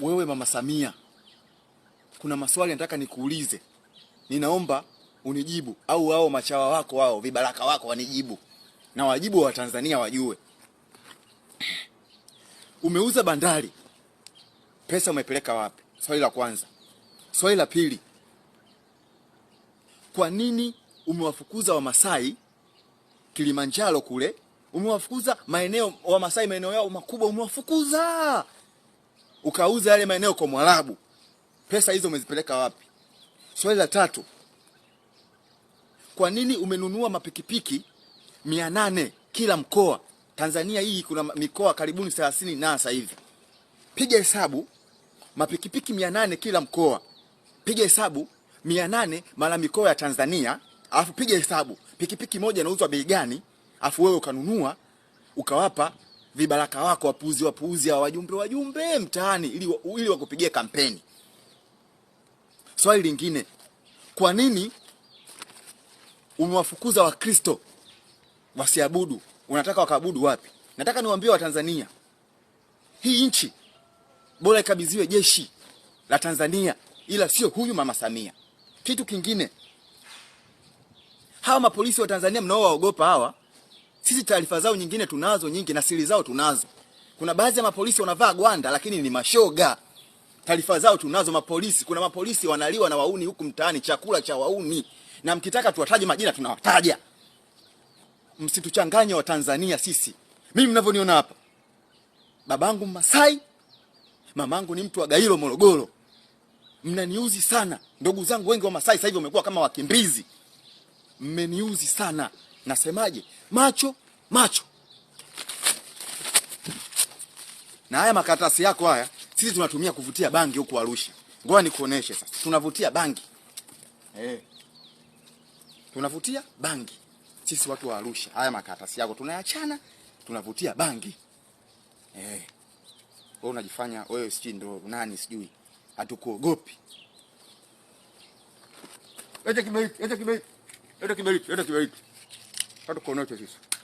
wewe Mama Samia, kuna maswali nataka nikuulize, ninaomba unijibu, au wao machawa wako wao vibaraka wako wanijibu na wajibu wa Tanzania wajue. Umeuza bandari, pesa umepeleka wapi? Swali la kwanza. Swali la pili, kwa nini umewafukuza Wamasai Kilimanjaro kule, umewafukuza maeneo Wamasai maeneo yao makubwa, umewafukuza ukauza yale maeneo kwa Mwarabu, pesa hizo umezipeleka wapi? Swali la tatu, kwa nini umenunua mapikipiki mia nane kila mkoa? Tanzania hii kuna mikoa karibuni thelathini na sasa hivi, piga hesabu mapikipiki mia nane kila mkoa, piga hesabu mia nane mara mikoa ya Tanzania, alafu piga hesabu pikipiki moja inauzwa bei gani, alafu wewe ukanunua ukawapa vibaraka wako wapuuzi wapuuzi hawa wajumbe wajumbe mtaani ili, ili wakupigie kampeni. Swali lingine, kwa nini umewafukuza Wakristo wasiabudu? Unataka wakaabudu wapi? Nataka niwaambie Watanzania, hii nchi bora ikabidhiwe jeshi la Tanzania, ila sio huyu mama Samia. Kitu kingine, hawa mapolisi wa Tanzania mnaowaogopa hawa sisi taarifa zao nyingine tunazo nyingi na siri zao tunazo. Kuna baadhi ya mapolisi wanavaa gwanda lakini ni mashoga. Taarifa zao tunazo mapolisi. Kuna mapolisi wanaliwa na wauni huku mtaani, chakula cha wauni, na mkitaka tuwataje majina tunawataja. Msituchanganye wa Tanzania sisi. Mimi mnavyoniona hapa, babangu Masai, mamangu ni mtu wa Gairo Morogoro. Mnaniuzi sana. Ndugu zangu wengi wa Masai sasa hivi wamekuwa kama wakimbizi. Mmeniuzi sana. Nasemaje? Macho macho. Na haya makaratasi yako haya, sisi tunatumia kuvutia bangi huku Arusha. Ngoja nikuoneshe sasa, tunavutia bangi eh, tunavutia bangi sisi watu wa Arusha. Haya makaratasi yako tunayachana, tunavutia bangi eh. Wewe unajifanya wewe sijui ndo nani sijui, hatukuogopi. Acha kiberiti, acha kiberiti, acha kiberiti, acha kiberiti. అటు కొనొచ్చేసి